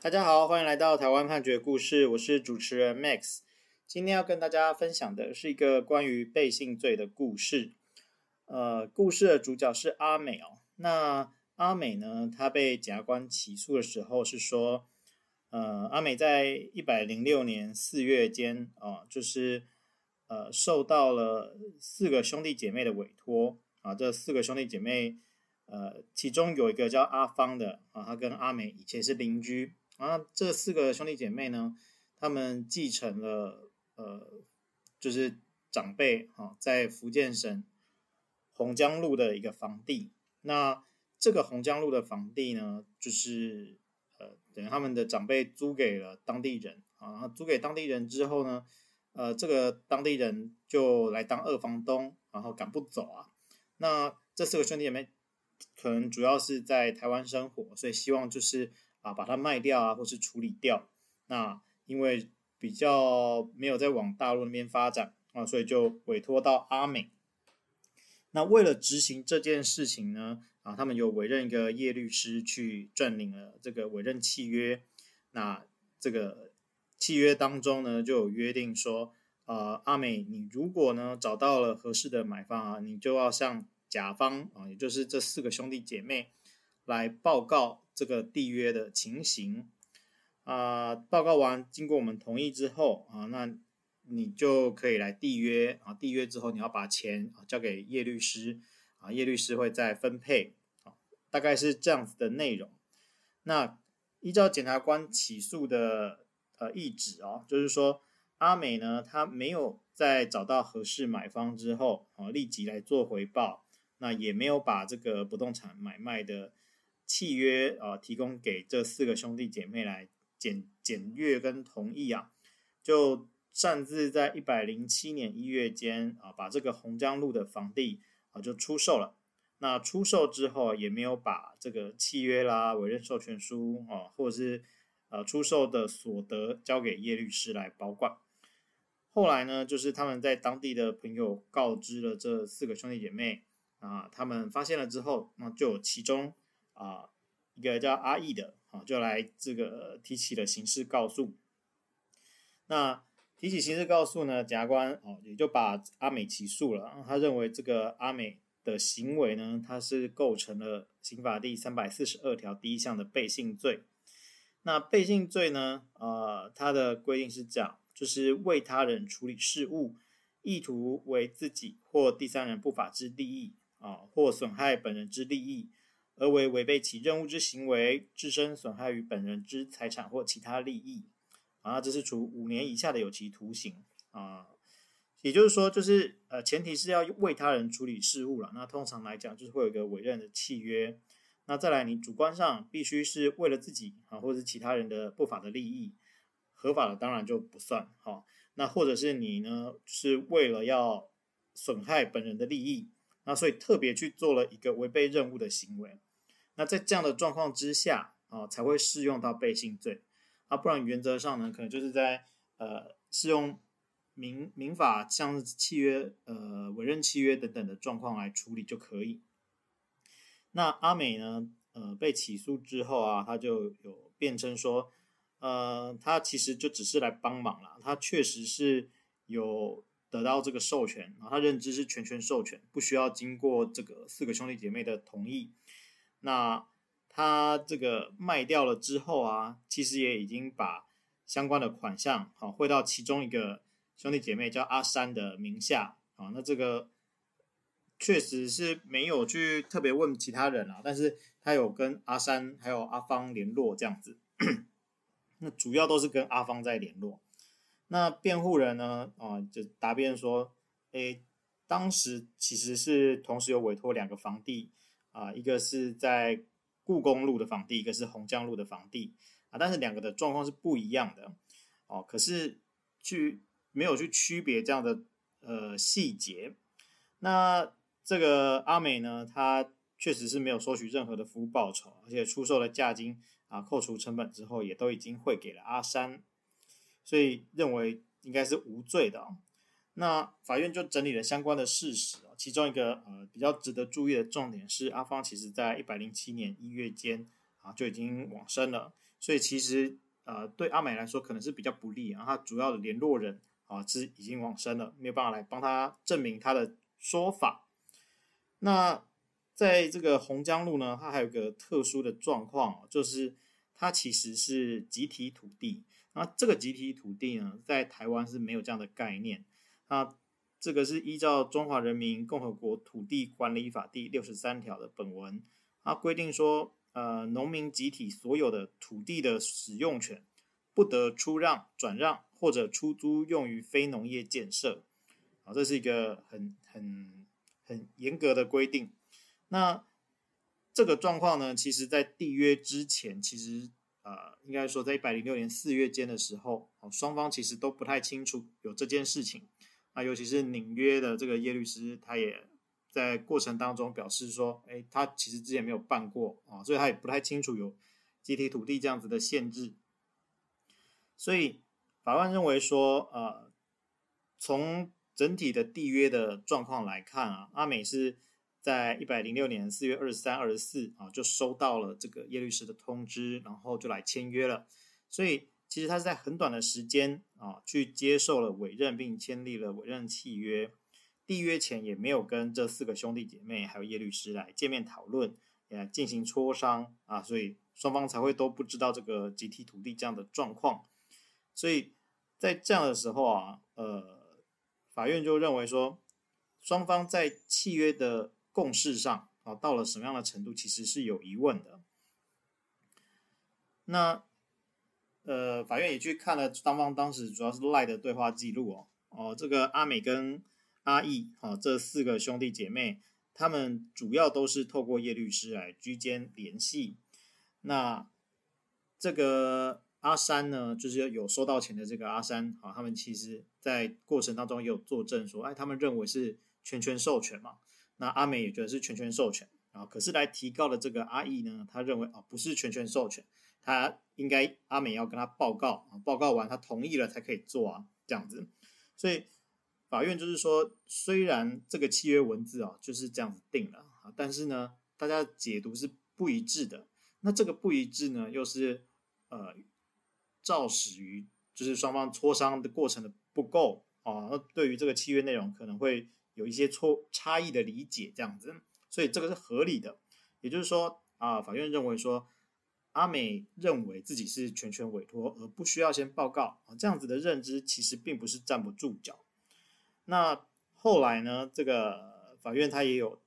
大家好，歡迎來到台灣判決故事，我是主持人 Max。今天要跟大家分享的是一個關於背信罪的故事。呃，故事的主角是阿美哦。那阿美呢，她被檢察官起訴的時候是說，呃，阿美在一百零六年四月間啊，呃，就是呃，受到了四個兄弟姐妹的委託啊。這四個兄弟姐妹，呃，其中有一個叫阿芳的啊，她跟阿美以前是鄰居。啊，這四個兄弟姐妹呢，他們繼承了呃，就是長輩哈、哦，在福建省洪江路的一個房地。那這個洪江路的房地呢，就是呃，等於他們的長輩租給了當地人啊。然後租給當地人之後呢，呃，這個當地人就來當二房東，然後趕不走啊。那這四個兄弟姐妹可能主要是在台灣生活，所以希望就是。啊，把它賣掉啊，或是處理掉。那因為比較沒有在往大陸那邊發展啊，所以就委託到阿美。那為了執行這件事情呢，啊，他們有委任一個葉律師去撰擬了這個委任契約。那這個契約當中呢，就有約定說，啊、呃，阿美，你如果呢找到了合適的買方啊，你就要向甲方啊，也就是這四個兄弟姐妹。來報告這個締約的情形啊、呃，報告完，經過我們同意之後啊，那你就可以來締約啊，締約之後你要把錢啊交給葉律師啊，葉律師會再分配啊，大概是這樣子的內容。那依照檢察官起訴的呃、啊、意旨哦，就是說阿美呢，他沒有在找到合適買方之後啊，立即來做回報，那也沒有把這個不動產買賣的。契約啊、呃，提供給這四個兄弟姐妹來檢檢閱跟同意啊，就擅自在一百零七年一月間啊，把這個洪江路的房地啊就出售了。那出售之後啊，也沒有把這個契約啦、委任授權書啊，或者是、啊、出售的所得交給葉律師來保管。後來呢，就是他們在當地的朋友告知了這四個兄弟姐妹啊，他們發現了之後，那就其中。啊，一個叫阿 E 的啊，就來這個提起的刑事告訴。那提起刑事告訴呢，甲官哦也就把阿美起訴了。他認為這個阿美的行為呢，他是構成了刑法第三百四十二條第一項的背信罪。那背信罪呢，啊、呃，它的規定是這樣，就是為他人處理事務，意圖為自己或第三人不法之利益啊，或損害本人之利益。而為違背其任務之行為，自身損害於本人之財產或其他利益，啊，這是處五年以下的有期徒刑，啊，也就是說，就是呃，前提是要為他人處理事務了。那通常來講，就是會有一個委任的契約。那再來，你主觀上必須是為了自己啊，或者是其他人的不法的利益，合法的當然就不算好啊。那或者是你呢，是為了要損害本人的利益，那所以特別去做了一個違背任務的行為。那在這樣的狀況之下啊，呃，才會適用到背信罪啊，不然原則上呢，可能就是在呃適用民民法像是契約呃委任契約等等的狀況來處理就可以。那阿美呢，呃被起訴之後啊，他就有辯稱說，呃他其實就只是來幫忙了，他確實是有得到這個授權啊，他認知是全權授權，不需要經過這個四個兄弟姐妹的同意。那他這個賣掉了之後啊，其實也已經把相關的款項啊匯到其中一個兄弟姐妹叫阿山的名下啊。那這個確實是沒有去特別問其他人啊，但是他有跟阿山還有阿芳聯絡這樣子。 那主要都是跟阿芳在聯絡。那辯護人呢啊就答辯說，誒、欸，當時其實是同時有委託兩個房地。啊，一個是在故宮路的房地，一個是洪江路的房地啊，但是兩個的狀況是不一樣的哦，可是去沒有去區別這樣的呃細節。那這個阿美呢，她確實是沒有收取任何的服務報酬，而且出售了價金啊扣除成本之後也都已經匯給了阿山，所以認為應該是無罪的。那法院就整理了相關的事實啊，其中一個呃比較值得注意的重點是，阿芳其實在一百零七年一月間啊就已經往生了，所以其實呃對阿美來說可能是比較不利，然後他主要的聯絡人啊是已經往生了，沒有辦法來幫他證明他的說法。那在這個洪江路呢，它還有個特殊的狀況，就是它其實是集體土地，那這個集體土地呢，在台灣是沒有這樣的概念。啊，這個是依照《中華人民共和國土地管理法》第六十三條的本文，它規定說，呃，農民集體所有的土地的使用權，不得出讓、轉讓或者出租用於非農業建設。啊，這是一個很很很嚴格的規定。那這個狀況呢，其實在締約之前，其實呃，應該說在一百零六年四月間的時候，啊，雙方其實都不太清楚有這件事情。啊，尤其是擬約的這個葉律師，他也在過程當中表示說，誒、欸，他其實之前沒有辦過啊，所以他也不太清楚有集體土地這樣子的限制。所以法官認為說，呃，從整體的締約的狀況來看啊，阿美是在一百零六年四月二十三、二十四啊，就收到了這個葉律師的通知，然後就來簽約了，所以。其實他是在很短的時間啊，去接受了委任，並簽立了委任契約。締約前也沒有跟這四個兄弟姐妹還有葉律師來見面討論，呃，進行磋商啊，所以雙方才會都不知道這個集體土地這樣的狀況。所以在這樣的時候啊，呃，法院就認為說，雙方在契約的共識上啊，到了什麼樣的程度，其實是有疑問的。那。呃，法院也去看了雙方當時主要是賴的對話記錄哦。哦，這個阿美跟阿義哈、哦，這四個兄弟姐妹，他們主要都是透過葉律師來居間聯繫。那這個阿山呢，就是有收到錢的這個阿山哈、哦，他們其實，在過程當中也有作證說，哎，他們認為是全權授權嘛。那阿美也覺得是全權授權，然、哦、後可是來提告的這個阿義呢，他認為哦，不是全權授權。他應該阿美要跟他報告啊，報告完他同意了才可以做啊，這樣子。所以法院就是說，雖然這個契約文字啊就是這樣子定了啊，但是呢，大家解讀是不一致的。那這個不一致呢，又是呃，肇始於就是雙方磋商的過程的不夠啊。那對於這個契約內容，可能會有一些錯差異的理解這樣子。所以這個是合理的。也就是說啊，法院認為說。阿美認為自己是全權委託，而不需要先報告。這樣子的認知其實並不是站不住腳。那後來呢，這個法院他也有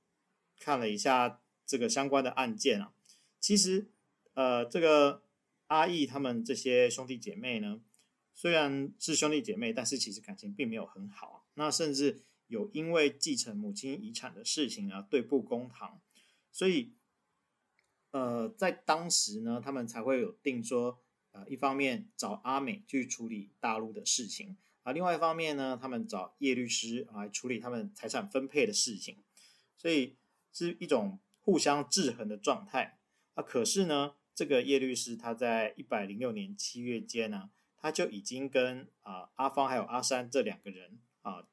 看了一下這個相關的案件啊，其實呃，這個阿義他們這些兄弟姐妹呢，雖然是兄弟姐妹，但是其實感情並沒有很好，那甚至有因為繼承母親遺產的事情而、啊、對簿公堂，所以。呃，在當時呢，他們才會有定說，呃，一方面找阿美去處理大陸的事情，啊，另外一方面呢，他們找葉律師來處理他們財產分配的事情，所以是一種互相制衡的狀態。啊，可是呢，這個葉律師他在一百零六年七月間呢，啊，他就已經跟啊，呃，阿芳還有阿山這兩個人啊，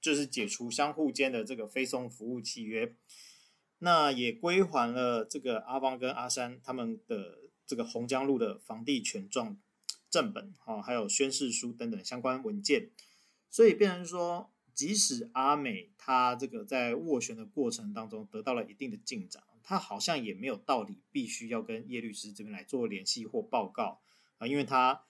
就是解除相互間的這個非訟服務契約。那也歸還了這個阿芳跟阿山他們的這個紅江路的房地權狀正本啊，還有宣誓書等等相關文件。所以變成說，即使阿美他這個在斡旋的過程當中得到了一定的進展，他好像也沒有道理必須要跟葉律師這邊來做聯繫或報告啊，因為他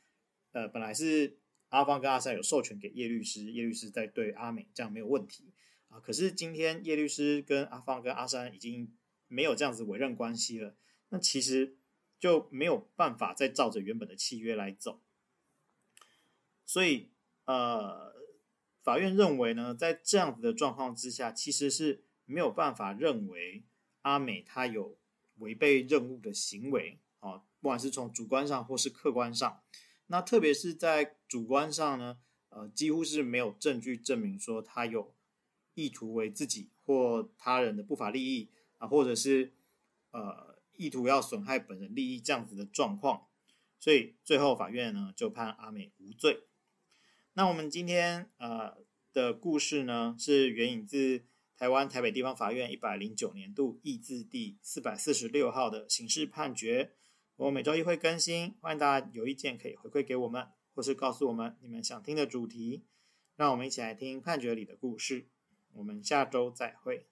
呃本來是阿芳跟阿山有授權給葉律師，葉律師在對阿美這樣沒有問題。可是今天葉律師跟阿芳跟阿山已經沒有這樣子委任關係了，那其實就沒有辦法再照着原本的契約來走，所以呃，法院認為呢，在這樣子的狀況之下，其實是沒有辦法認為阿美他有違背任務的行為啊、哦，不管是從主觀上或是客觀上，那特別是在主觀上呢，呃，幾乎是沒有證據證明說他有。意圖為自己或他人的不法利益啊，或者是呃意圖要損害本人利益這樣子的狀況，所以最後法院呢就判阿美無罪。那我們今天的呃的故事呢是援引自台灣台北地方法院一百零九年度易字第四百四十六號的刑事判決。我每周一會更新，歡迎大家有意見可以回饋給我們，或是告訴我們你們想聽的主題，讓我們一起來聽判決裡的故事。我們下周再會。